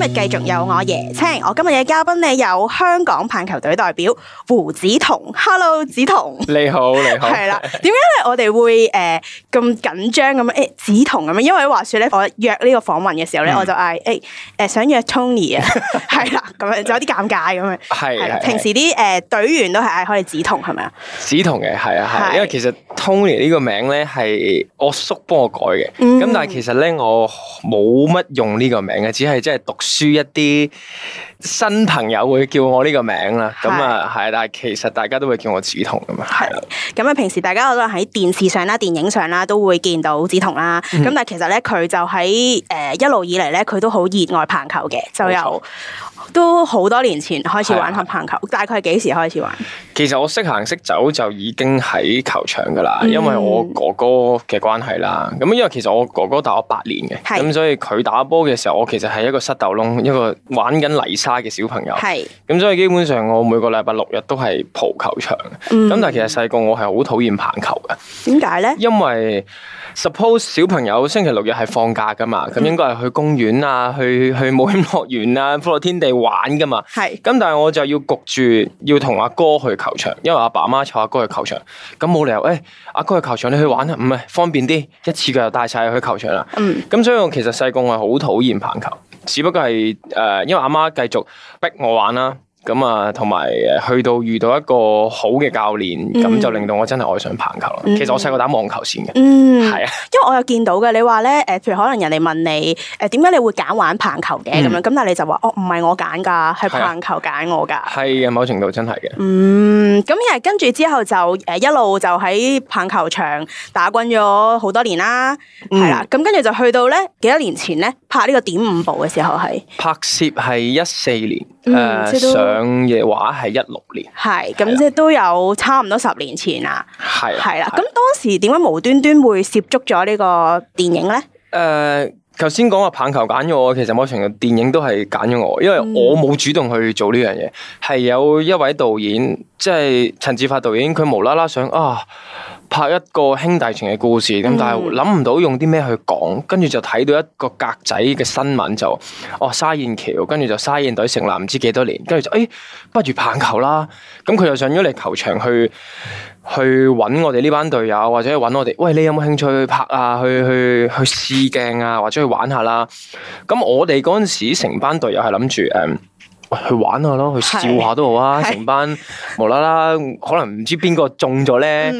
今日繼續有我椰青，我今日嘅嘉賓咧有香港棒球隊代表胡子彤，Hello 子彤 你，你好你好，係啦 點解咧我哋會誒咁緊張咁誒子彤咁樣？因為話說咧，我約呢個訪問嘅時候咧，我就嗌誒誒想約 Tony 啊，係啦咁樣就有啲尷尬咁樣。係、 嗯、平時啲誒隊員都係嗌可以子彤係咪啊？子彤嘅係啊係，因為其實 Tony 呢個名咧係我叔幫我改嘅，咁、嗯、 但係其實咧我冇乜用呢個名嘅，只係即係讀。輸一啲新朋友會叫我呢個名啦，咁啊係，但係其實大家都會叫我子彤咁嘛，係咯。咁啊，平時大家我都喺電視上啦、電影上啦都會見到子彤啦，咁、嗯、但係其實咧佢就喺誒一路以嚟咧佢都好熱愛棒球嘅，就有。都好多年前開始玩下棒球，是的 大概幾時開始玩？其實我識行識走就已經喺球場噶啦，嗯、因為我哥哥嘅關係啦。咁因為其實我哥哥大我八年嘅，咁是的 所以佢打波嘅時候，我其實係一個塞豆窿，一個玩緊泥沙嘅小朋友。係咁，所以基本上我每個禮拜六日都係蒲球場。咁、嗯、但係其實細個我係好討厭棒球嘅。點解呢？因為 suppose 小朋友星期六日係放假噶嘛，咁、嗯、應該係去公園啊，去去冒險樂園啊，歡樂天地。玩㗎嘛，係是，咁但係我就要焗住要同阿哥，哥去球場，因為阿爸阿媽坐阿哥去球場，咁冇理由誒，阿、欸、哥，哥去球場你去玩啦，唔、嗯、係方便啲，一次佢就帶晒去球場啦。嗯，咁所以我其實細個係好討厭棒球，只不過係誒、呃，因為阿媽繼續逼我玩啦。咁啊，同埋誒，去到遇到一個好嘅教練，咁、嗯、就令到我真係愛上棒球啦。嗯、其實我細個打網球先嘅，係啊、嗯，的因為我有見到嘅。你話咧，誒，譬如可能人哋問你，誒、呃，點解你會揀玩棒球嘅咁樣？咁、嗯、但係你就話，哦，唔係我揀噶，係棒球揀我噶。係啊，某程度真係嘅。嗯，咁又跟住之後就誒一路就喺棒球場打滾咗好多年啦，係啦。咁跟住就去到咧幾多年前咧拍呢個點五步嘅時候係拍攝係一四年。誒， 嗯、上嘅話係一六年，係咁即係都有差唔多十年前啦。係係啦，咁、 啊啊啊、當時點解無端端會涉足咗呢個電影呢？誒、uh,，頭先講話棒球揀咗我，其實某程度電影都係揀咗我，因為我冇主動去做呢樣嘢，係有一位導演即係陳志發導演，佢無啦啦想啊。 拍一個兄弟情嘅故事，咁但係諗唔到用啲咩去講，跟住就睇到一個格仔嘅新聞就，哦，沙燕橋，跟住就沙燕隊成立唔知幾多年，跟住就，哎不如棒球啦，咁佢就上咗嚟球場去去揾我哋呢班隊友，或者揾我哋，喂，你有冇興趣去拍啊？去去去去試鏡啊，或者去玩下啦、啊。咁我哋嗰陣時成班隊友係諗住誒。Um, 去玩下咯，去笑下都好啊！成是班無啦啦， 可能唔知邊個中咗咧，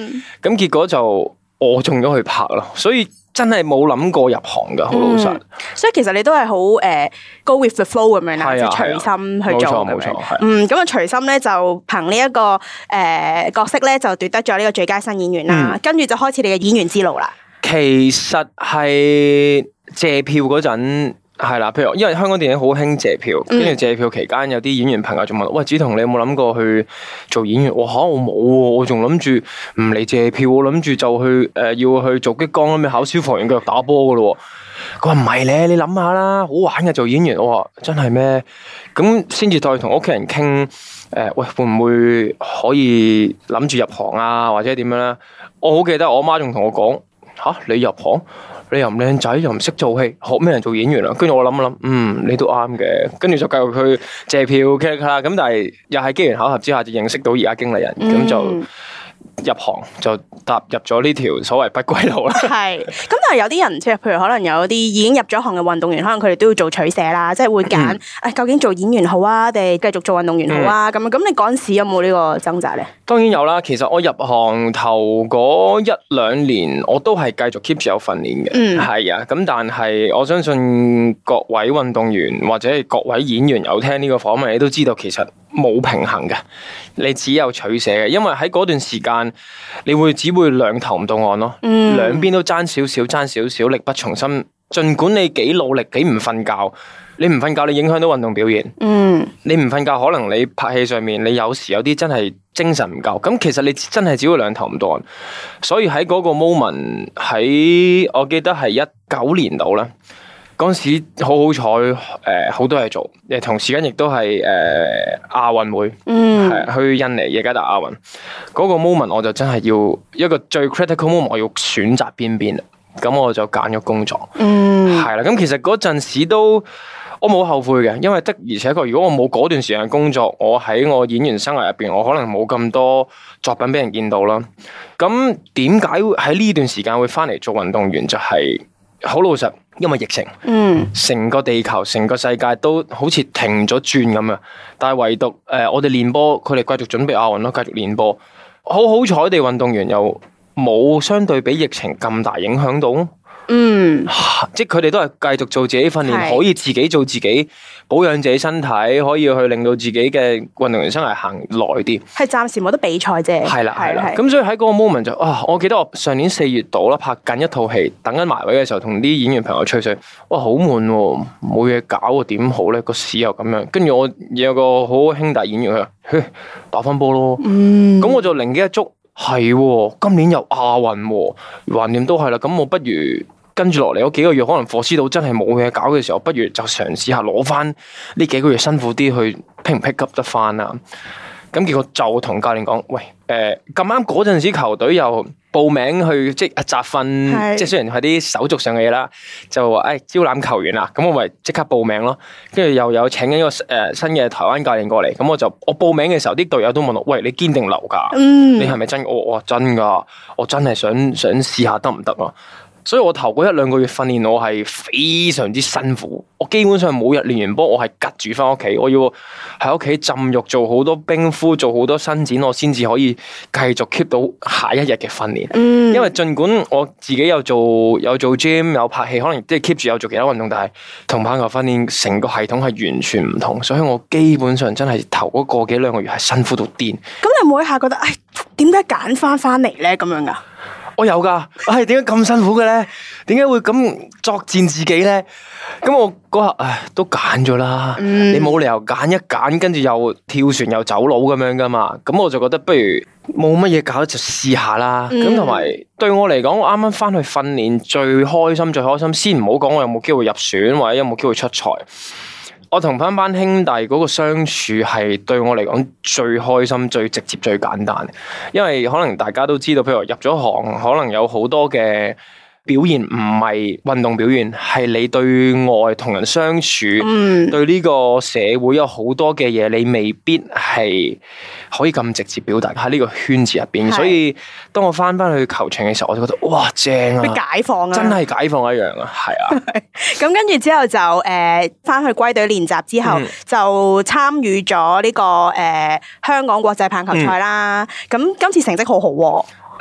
咁、嗯、結果就我中咗去拍咯。所以真係冇諗過入行㗎，好老實、嗯。所以其實你都係好誒，go with the flow 咁樣啦，即係隨心去做咁樣。啊啊、嗯，咁啊隨、嗯、心咧就憑呢一個誒、uh, 角色咧就奪得咗呢個最佳新演員啦，嗯、跟住就開始你嘅演員之路啦。其實係借票嗰陣。係啦，譬如因為香港電影好興借票，跟住借票期間有啲演員朋友仲問，嗯、喂，子彤你有冇諗過去做演員？我吓我冇喎，我仲諗住唔嚟借票，我諗住就去誒、呃、要去做激光，咁樣考消防員，繼續打波噶咯。佢話唔係咧，你諗下啦，好玩嘅做演員，我話真係咩？咁先至再同屋企人傾誒、呃，喂會唔會可以諗住入行啊？或者點樣咧？我好記得我媽仲同我講，吓、啊、你入行。你又唔靚仔，又唔識做戲，學咩人做演員啊？跟住我諗一諗，嗯，你都啱嘅。跟住就繼續去借票劇啦。咁但係又係機緣巧合之下，就認識到而家經理人咁、嗯、就。入行就踏入咗呢條所謂不歸路啦。係，咁但係有啲人，譬如可能有啲已經入咗行嘅運動員，可能佢哋都要做取捨啦，即係會揀誒，究竟做演員好啊，定繼續做運動員好啊？咁咁你嗰陣時有冇呢個掙扎呢？當然有啦。其實我入行頭嗰一兩年，我都係繼續 keep 住有訓練嘅。嗯，係啊。咁但係我相信各位運動員或者各位演員有聽呢個訪問，你都知道其實冇平衡嘅，你只有取捨嘅，因為喺嗰段時間。你會只會兩頭唔到岸咯，兩邊都爭少少，爭少少，力不從心。盡管你幾努力，幾唔瞓覺，你唔瞓覺你影響到運動表現。嗯你，你唔瞓覺可能你拍戲上面你有時有啲真係精神唔夠。咁其實你真係只會兩頭唔到岸。所以喺嗰個 moment，喺我記得係一九年到啦。嗰時好好彩，誒、呃、好多嘢做，同時間亦都係誒亞運會，係、嗯、去印尼，耶加達亞運。嗰、那個 moment 我就真係要一個最 critical moment，我要選擇邊邊啦。咁我就揀咗工作，係啦、嗯。咁其實嗰陣時都我冇後悔嘅，因為的而且確，如果我冇嗰段時間工作，我喺我演員生涯入邊，我可能冇咁多作品俾人見到啦。咁點解喺呢段時間會翻嚟做運動員、就是？就係好老實。因為疫情，成、嗯、個地球、成個世界都好似停咗轉咁啊！但係唯獨誒、呃，我哋練波，佢哋繼續準備亞運咯，啊、繼續練波。好好彩地，運動員又冇相對比疫情咁大影響到。嗯，即係佢哋都係繼續做自己訓練，是可以自己做自己，保養自己身體，可以去令到自己嘅運動人生係行耐啲。係暫時冇得比賽啫。係啦，係啦。咁的的所以喺嗰個 moment 就啊，我記得我上年四月度啦，拍緊一套戲，等緊埋位嘅時候，同啲演員朋友吹水，哇，好悶喎，冇嘢搞啊，點好咧？個市又咁樣。跟住我有個好兄弟演員，去打翻波咯。嗯。咁我就靈機一觸，係今年又亞運、啊，橫掂都係啦。咁我不如。跟住落嚟嗰幾個月，可能佛斯到真係冇嘢搞嘅時候，不如就嘗試下攞翻呢幾個月辛苦啲去 pick 唔 pick up 得翻啊。咁結果就同教練講，喂，誒、呃，咁啱嗰陣時球隊又報名去即係集訓，即係是雖然係啲手續上嘅嘢啦，就話誒、哎、招攬球員啦，咁我咪即刻報名咯。跟住又有請緊個誒、呃、新嘅台灣教練過嚟，咁我就我報名嘅時候，啲隊友都問我，喂，你堅定留噶？嗯、你係咪真？我、哦、我真噶，我真係想想試下得唔得啊。所以我頭嗰一兩個月訓練，我係非常之辛苦。我基本上每日練完波，我係隔住翻屋企。我要喺屋企浸浴，做好多冰敷，做好多伸展，我先至可以繼續 keep 到下一日嘅訓練。因為盡管我自己有做有做 gym 有拍戲，可能即係 keep 住有做其他運動，但係同棒球訓練成個系統係完全唔同。所以我基本上真係頭嗰個幾兩個月係辛苦到癲、嗯。咁、嗯、你每一下覺得，哎，點解揀翻翻嚟呢？咁樣噶、啊？我有噶，我係點解咁辛苦嘅咧？點解會咁作戰自己咧？咁我嗰刻唉都揀咗啦，嗯、你冇理由揀一揀，跟住又跳船又走佬咁樣噶嘛？咁我就覺得不如冇乜嘢搞就試下啦。咁同埋對我嚟講，我啱啱翻去訓練最，最開心，最開心。先唔好講我有冇機會入選，或者有冇機會出賽。我同翻班兄弟嗰個相處係對我嚟講最開心、最直接、最簡單，因為可能大家都知道，譬如入咗行，可能有好多嘅。表現唔係運動表現，係你對外同人相處，嗯、對呢個社會有好多嘅嘢，你未必係可以咁直接表達喺呢個圈子入邊。是所以當我翻翻去球場嘅時候，我就覺得哇正啊！咩解放啊！真係解放一樣啊！係啊！咁跟住之後就誒翻、呃、去歸隊練習之後，嗯、就參與咗呢個誒、呃、香港國際棒球賽啦。咁今、嗯、次成績好好、啊。誒，係嘅、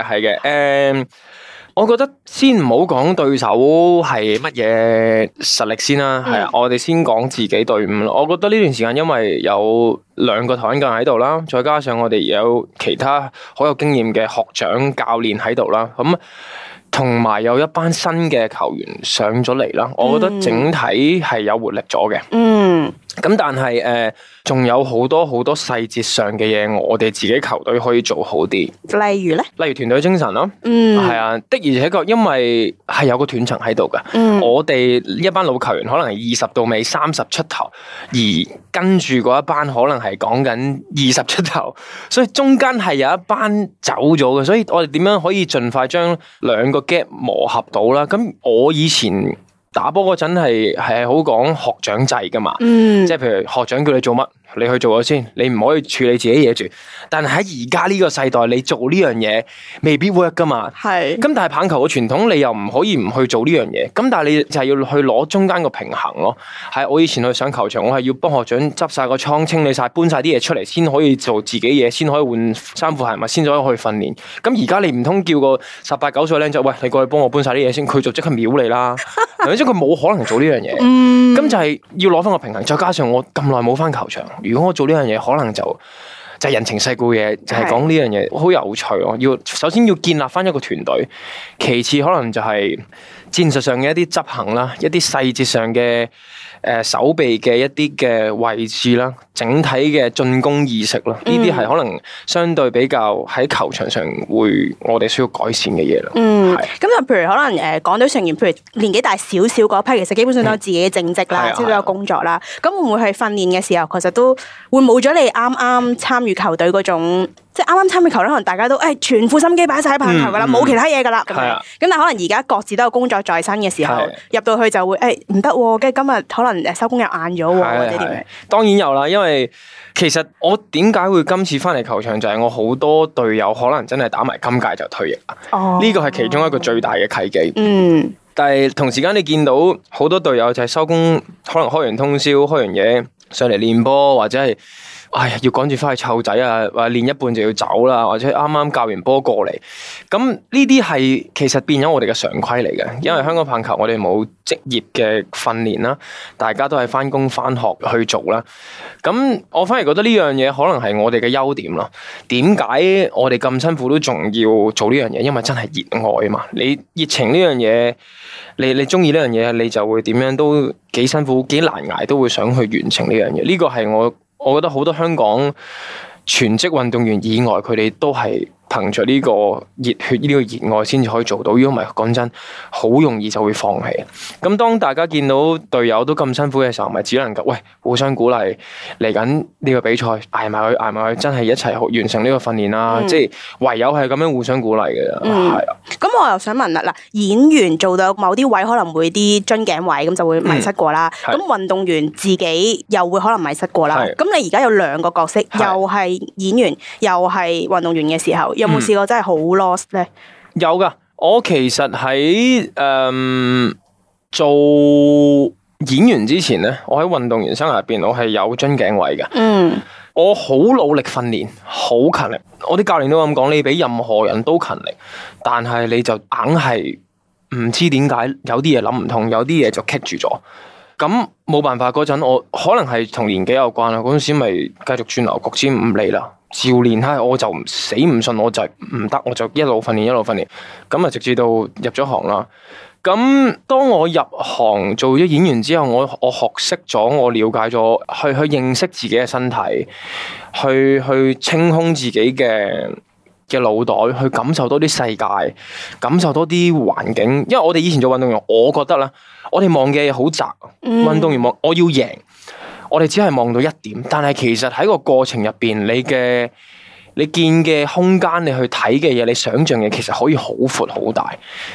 呃，係嘅。誒、呃，我覺得先唔好講對手係乜嘢實力先啦。係啊、嗯，我哋先講自己隊伍咯。我覺得呢段時間因為有兩個台灣人喺度啦，再加上我哋有其他好有經驗嘅學長教練喺度啦，咁同埋有一班新嘅球員上咗嚟啦，我覺得整體係有活力咗嘅。嗯。嗯咁但係誒，仲、呃、有好多好多細節上嘅嘢，我哋自己球隊可以做好啲。例如咧，例如團隊精神咯。嗯，係啊，啊，的而且確，因為係有個斷層喺度噶。嗯，我哋一班老球員可能係二十到尾三十出頭，而跟住嗰一班可能係講緊二十出頭，所以中間係有一班走咗嘅，所以我哋點樣可以盡快將兩個 gap 磨合到啦？咁我以前。打波嗰陣係係好講學長制㗎嘛，嗯、即係譬如學長叫你做乜。你去做咗先，你唔可以處理自己嘢住。但係喺而家呢個世代，你做呢樣嘢未必 work 㗎嘛。係是。咁但係棒球嘅傳統，你又唔可以唔去做呢樣嘢。咁但係你就係要去攞中間個平衡咯。係我以前去上球場，我係要幫學長執晒個倉，清理晒，搬晒啲嘢出嚟，先可以做自己嘢，先可以換衫褲鞋，咪先可以去訓練。咁而家你唔通叫個十八九歲靚仔，喂，你過去幫我搬晒啲嘢先，佢就即刻秒你啦。咁即係佢冇可能做呢樣嘢。咁、嗯、就係要攞翻個平衡。再加上我咁耐冇翻球場。如果我做呢樣嘢，可能就就係人情世故嘅嘢，是的 就係講呢樣嘢好有趣咯。要首先要建立返一個團隊，其次可能就係、是。戰術上嘅一啲執行啦，一啲細節上嘅誒、呃、手臂嘅一啲嘅位置啦，整體嘅進攻意識啦，呢啲係可能相對比較喺球場上會我哋需要改善嘅嘢啦。嗯，咁就譬如可能誒港隊成員，譬如年紀大少少嗰批，其實基本上都有自己嘅正職啦，即係都有工作啦。咁、嗯、會唔會喺訓練嘅時候，其實都會冇咗你啱啱參與球隊嗰種？即係啱啱參與球可能大家都誒、哎、全副心機擺晒喺棒球噶啦，冇、嗯、其他嘢噶啦。咁是的 但可能而家各自都有工作在身嘅時候，入到是的 去就會誒唔得喎，跟住、哎、今日可能收工又晏咗喎，是的 或者點樣？當然有啦，因為其實我點解會今次翻嚟球場，就係我好多隊友可能真係打埋今屆就退役啦。呢個係其中一個最大嘅契機。嗯，但係同時間你見到好多隊友就係收工，可能開完通宵，開完嘢上嚟練波或者係。哎呀，要趕住翻去湊仔啊！或練一半就要走啦，或者啱啱教完波過嚟。咁呢啲係其實變咗我哋嘅常規嚟嘅，因為香港棒球我哋冇職業嘅訓練啦，大家都係翻工翻學去做啦。咁我反而覺得呢樣嘢可能係我哋嘅優點咯。點解我哋咁辛苦都仲要做呢樣嘢？因為真係熱愛啊嘛！你熱情呢樣嘢，你你中意呢樣嘢，你就會點樣都幾辛苦幾難挨，都會想去完成呢樣嘢。呢個係我。我覺得好多香港全職運動員以外，佢哋都係。憑着呢個熱血、呢、呢個熱愛先至可以做到，如果唔係，講真，好容易就會放棄。咁當大家見到隊友都咁辛苦嘅時候，咪只能夠喂互相鼓勵，嚟緊呢個比賽捱埋佢、捱埋佢，真係一齊完成呢個訓練啦。即係唯有係咁樣互相鼓勵嘅，係啊。咁、嗯嗯、我又想問啦，嗱，演員做到某啲位可能會啲樽頸位，咁就會迷失過啦。咁、嗯、運動員自己又會可能迷失過啦。咁是你而家有兩個角色，又係演員，又係運動員嘅時候。是 有冇試過真係好 lost 呢？有噶，我其實喺誒、呃、做演員之前呢，我喺運動員生涯入邊，我係有樽頸位嘅。嗯，我好努力訓練，好勤力。我啲教練都咁講，你比任何人都勤力，但係你就硬係唔知點解有啲嘢諗唔通，有啲嘢就棘住咗。咁冇辦法嗰陣，我可能係同年紀有關啦。嗰陣時咪繼續轉流局，先唔理啦。照練，我就死唔信，我就唔得，我就一路訓練一路訓練，咁啊直至到入咗行啦。咁當我入行做咗演員之後，我我學識咗，我了解咗，去去認識自己嘅身體，去去清空自己嘅嘅腦袋，去感受多啲世界，感受多啲環境。因為我哋以前做運動員，我覺得啦、嗯，我哋望嘅嘢好窄，運動員望我要贏。我哋只係望到一點，但係其實喺個過程入邊，你嘅你見嘅空間，你去睇嘅嘢，你想象嘅嘢，其實可以好闊好大。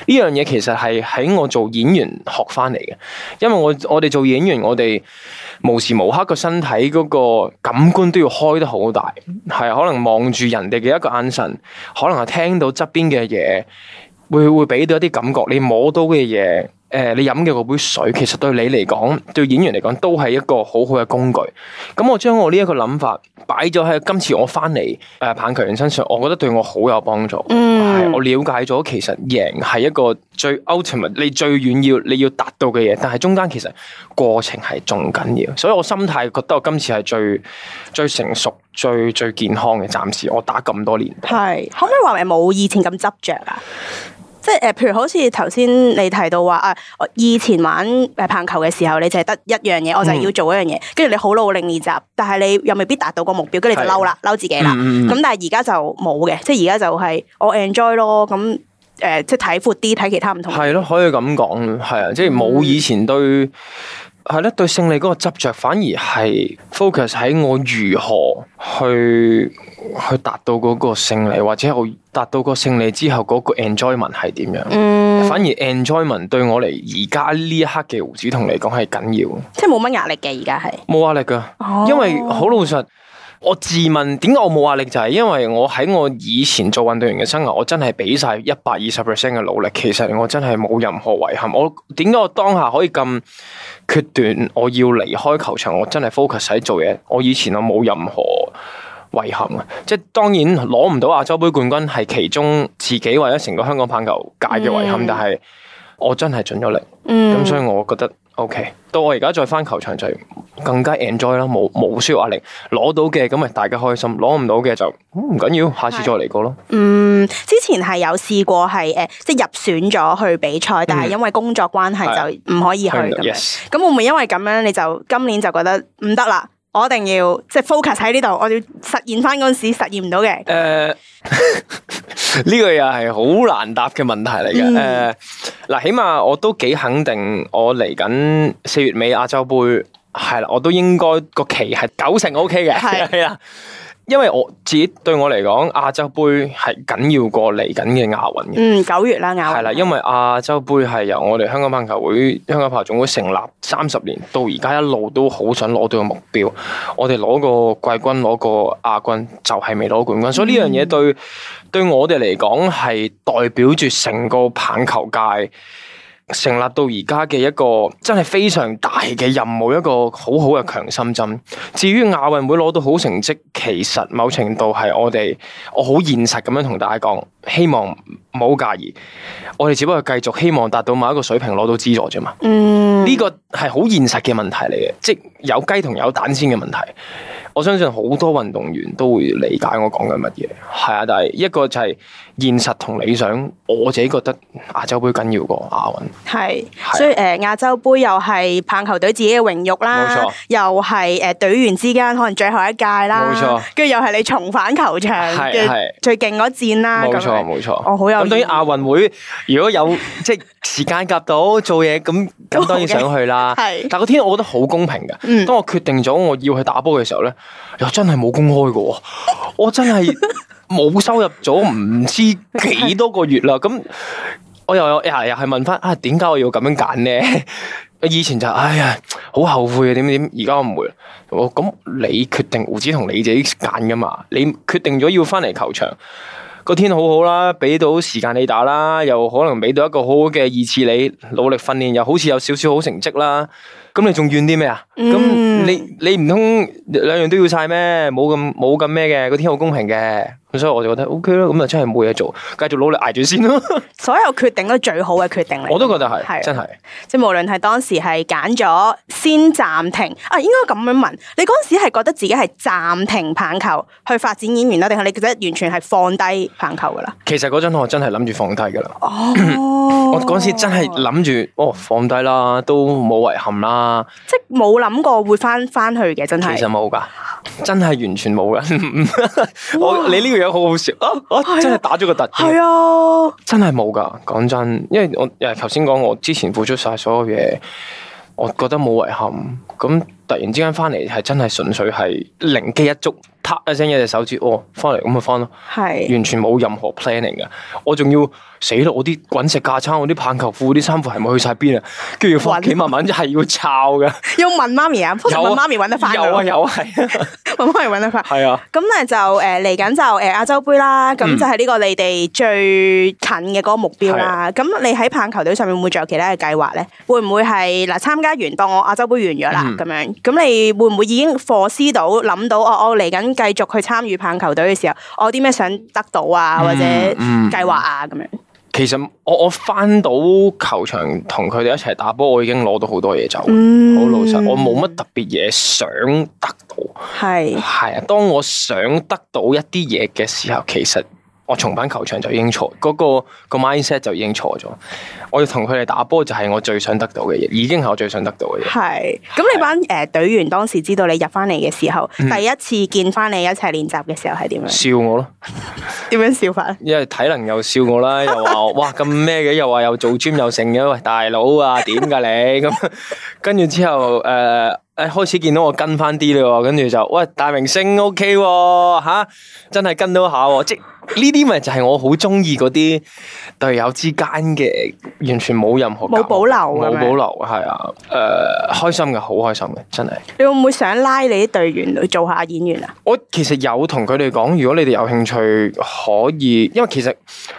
呢樣嘢其實係喺我做演員學翻嚟嘅，因為我我哋做演員，我哋無時無刻個身體嗰個感官都要開得好大，係可能望住人哋嘅一個眼神，可能係聽到側邊嘅嘢，會會俾到一啲感覺，你摸到嘅嘢。誒、呃，你飲嘅嗰杯水，其實對你嚟講，對演員嚟講，都係一個好好嘅工具。咁我將我呢一個諗法擺咗喺今次我翻嚟誒棒球員身上，我覺得對我好有幫助。嗯，我了解咗，其實贏係一個最 ultimate，你最遠要你要達到嘅嘢，但係中間其實過程係仲緊要。所以我心態覺得我今次係最最成熟、最最健康嘅。暫時我打咁多年，係可唔可以話係冇以前咁執着啊？即係誒，譬、呃、如好似頭先你提到話啊，以前玩誒棒球嘅時候，你淨係得一樣嘢，嗯、我就係要做一樣嘢，跟住你好努力練習，但係你又未必達到個目標，跟住、嗯、你就嬲啦，嬲自己啦。咁、嗯嗯、但係而家就冇嘅，即係而家就係、是、我 enjoy 咯。咁誒、呃，即係睇闊啲，睇其他唔同。係咯，可以咁講，係啊，即係冇以前對。係啦，對勝利嗰個執着反而係 focus 喺我如何去去達到嗰個勝利，或者我達到個勝利之後嗰個 enjoyment 係點樣？嗯，反而 enjoyment 對我嚟，而家呢一刻嘅胡子彤嚟講係緊要，即係冇乜壓力嘅，而家係冇壓力㗎，因為好老實。哦我自問點解我冇壓力，就係因為我喺我以前做運動員嘅生涯，我真係俾晒一百二十 percent 嘅努力，其實我真係冇任何遺憾。我點解我當下可以咁決斷我要離開球場，我真係 focus 喺做嘢。我以前我冇任何遺憾嘅，即係當然攞唔到亞洲盃冠軍係其中自己或者成個香港棒球界嘅遺憾，mm hmm. 但係我真係盡咗力。咁、mm hmm. 所以我覺得。O、okay, K，到我而家再翻球場就更加 enjoy 咯，冇冇需要壓力，攞到嘅咁咪大家開心，攞唔到嘅就唔緊要，下次再嚟過咯。嗯，之前係有試過係誒，即係入選咗去比賽，但係因為工作關係的就唔可以去咁樣。的咁會唔會因為咁樣你就今年就覺得唔得啦？我一定要即係、就是、focus 喺呢度，我要實現翻嗰陣時實現唔到嘅。誒、呃。 呢個又係好難答嘅問題嚟嘅，誒、嗯，嗱、呃，起碼我都幾肯定我，我嚟緊四月尾亞洲盃係啦，我都應該個期係九成 O K 嘅，係啦是， 因為我自己對我嚟講，亞洲盃係緊要過嚟緊嘅亞運嘅，嗯，九月啦，亞運、係啦，因為亞洲盃係由我哋香港棒球會、香港棒球總會成立三十年到而家一路都好想攞到個目標，我哋攞過季軍、攞過亞軍，就係、是、未攞冠軍，嗯、所以呢樣嘢對。對我哋嚟講，係代表住成個棒球界成立到而家嘅一個真係非常大嘅任務，一個好好嘅強心針。至於亞運會攞到好成績，其實某程度係我哋，我好現實咁樣同大家講。希望唔好介意，我哋只不過繼續希望達到某一個水平攞到資助啫嘛。嗯，呢個係好現實嘅問題嚟嘅，即有雞同有蛋先嘅問題。我相信好多運動員都會理解我講緊乜嘢，係啊。但係一個就係現實同理想，我自己覺得亞洲盃緊要過亞運。係是，的所以誒亞洲盃又係棒球隊自己嘅榮辱啦，冇錯錯。又係誒隊員之間可能最後一屆啦，冇錯錯。跟住又係你重返球場最勁嗰戰啦，冇錯，咁等於亞運會如果有 即係時間夾到做嘢，咁咁當然想去啦。 的但個天，我覺得好公平噶。嗯、當我決定咗我要去打波嘅時候咧，又真係冇工開，噶，我真係冇收入咗唔知幾多個月啦。咁 我又日日係問翻啊，點解我要咁樣揀呢？ 」以前就哎呀，好後悔啊，點點。而家我唔會。我咁你決定，胡子彤你自己揀噶嘛？你決定咗要翻嚟球場。個天好好啦，畀到時間你打啦，又可能畀到一個好好嘅二次你努力訓練，又好似有少少好成績啦。咁你仲怨啲咩啊？咁、嗯、你你唔通兩樣都要晒咩？冇咁冇咁咩嘅，個天好公平嘅。所以我就覺得 O K 啦，咁啊真係冇嘢做，繼續努力捱住先咯。 所有決定都最好嘅決定嚟，我都覺得係，係真係。即係無論係當時係揀咗先暫停，啊應該咁樣問，你嗰陣時係覺得自己係暫停棒球去發展演員啦，定係你覺得完全係放低棒球噶啦？其實嗰陣我真係諗住放低噶啦。哦， 我嗰陣時真係諗住，哦放低啦，都冇遺憾啦。即係冇諗過會翻翻去嘅，真係。其實冇噶，真係完全冇噶。我你呢？好好笑啊！我真係打咗個突，係啊，啊真係冇噶。講、啊、真，真，因為我又頭先講，我之前付出晒所有嘢，我覺得冇遺憾。咁突然之間翻嚟，係真係純粹係靈機一觸，啪一聲一隻手指，哦，翻嚟咁咪翻咯。係是完全冇任何 planning 噶，我仲要。死啦！我啲滾石架撐，我啲棒球褲啲衫褲係咪去晒邊啊？跟住翻屋企慢慢，真係要抄嘅。要問媽咪啊，有媽、啊、咪揾得翻、啊。有啊有，係 是啊，媽咪揾得翻。係啊。咁咧就誒嚟緊就誒亞洲杯啦，咁、嗯、就係呢個你哋最近嘅嗰個目標啦。咁是、啊、你喺棒球隊上面會唔會仲有其他嘅計劃咧？會唔會係嗱參加完當我亞洲杯完咗啦咁樣？咁、嗯、你會唔會已經 foresee 思到諗到我我嚟緊繼續去參與棒球隊嘅時候，我啲咩想得到啊或者計劃啊咁樣？嗯嗯其實我我返到球場同佢哋一齊打波，我已經攞到多、嗯、好多嘢走。好老實，我冇乜特別嘢想得到。係係啊，當我想得到一啲嘢嘅時候，其實。我重返球場就已經錯，嗰、那個、那個 mindset 就已經錯咗。我要同佢哋打波就係我最想得到嘅嘢，已經係我最想得到嘅嘢。係的。咁的你班誒隊員當時知道你入翻嚟嘅時候，第一次見翻你一齊練習嘅時候係點樣、嗯？笑我咯。點 樣笑法咧？因為體能又笑我啦，又話哇咁咩嘅，又話又做 gym 又剩嘅，喂大佬啊，點噶你？咁 跟住之後誒誒、呃、開始見到我跟翻啲啦，跟住就喂大明星 O K 吓，真係跟到下即。呢啲咪就係我好中意嗰啲隊友之間嘅完全冇任何，冇保留，冇保留，係啊，誒，開心嘅，好開心嘅。真係你會唔會想拉你啲隊員去做下演員啊？我其實有同佢哋講，如果你哋有興趣，可以，因為其實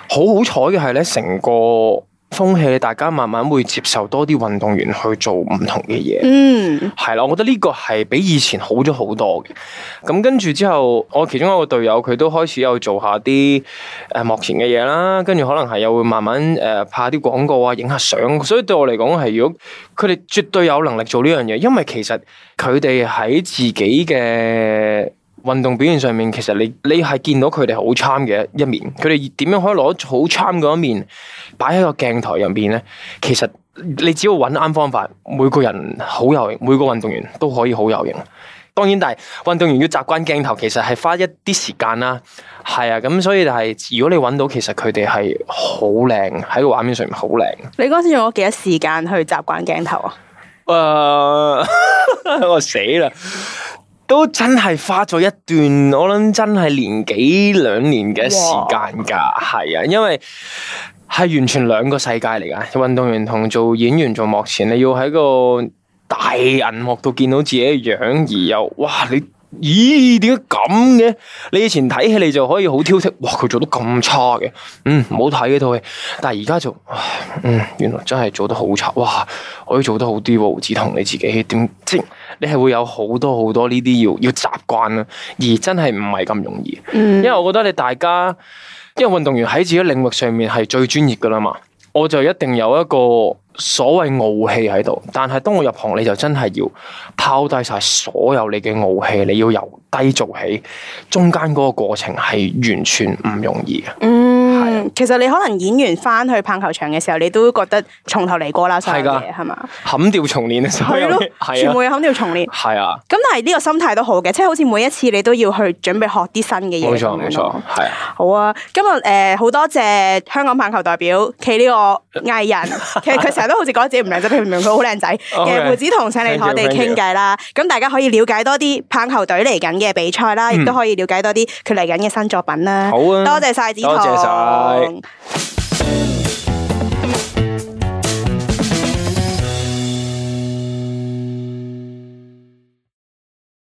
好好彩嘅係咧，成個。風氣，大家慢慢會接受多啲運動員去做唔同嘅嘢，係啦、嗯，我覺得呢個係比以前好咗好多嘅。咁跟住之後，我其中一個隊友佢都開始有做下啲誒幕前嘅嘢啦，跟住可能係又會慢慢誒、呃、拍啲廣告啊，影下相。所以對我嚟講係，如果佢哋絕對有能力做呢樣嘢，因爲其實佢哋喺自己嘅。運動表現上面，其實你你係見到佢哋好 charm 嘅一面，佢哋點樣可以攞好 charm 嗰一面擺喺個鏡頭入面咧？其實你只要揾啱方法，每個人好有型，每個運動員都可以好有型。當然，但係運動員要習慣鏡頭，其實係花一啲時間啦。係啊，咁所以就係如果你揾到，其實佢哋係好靚喺個畫面上面好靚。你嗰時用咗幾多時間去習慣鏡頭啊？誒、uh, 我死啦！都真係花咗一段我諗真係年幾兩年嘅時間噶，係啊哇，因為係完全兩個世界嚟噶。運動員同做演員做幕前，你要喺個大銀幕度見到自己嘅樣而，而又哇你。咦？點解咁嘅？你以前睇起你就可以好挑剔，哇！佢做得咁差嘅，嗯，唔好睇呢套戲。但係而家就唉，嗯，原來真係做得好差，哇！可以做得好啲，胡子彤你自己點，即你係會有好多好多呢啲要要習慣啊，而真係唔係咁容易。因為我覺得你大家，因為運動員喺自己領域上面係最專業噶啦嘛，我就一定有一個。所謂傲氣喺度，但係當我入行，你就真係要拋低晒所有你嘅傲氣，你要由低做起，中間嗰個過程係完全唔容易嘅。嗯嗯，其實你可能演完翻去棒球場嘅時候，你都覺得從頭嚟過啦所有嘢係嘛？冚掉重練啊！係咯，全部嘢冚掉重練。係啊，咁但係呢個心態都好嘅，即係好似每一次你都要去準備學啲新嘅嘢。冇錯，冇錯，係啊。好啊，今日誒好多謝香港棒球代表暨呢個藝人，其實佢成日都好似講自己唔靚仔，明明佢好靚仔嘅胡子彤請你同我哋傾偈啦。咁大家可以了解多啲棒球隊嚟緊嘅比賽啦，亦都可以了解多啲佢嚟緊嘅新作品啦。好啊，多謝晒子彤。拜。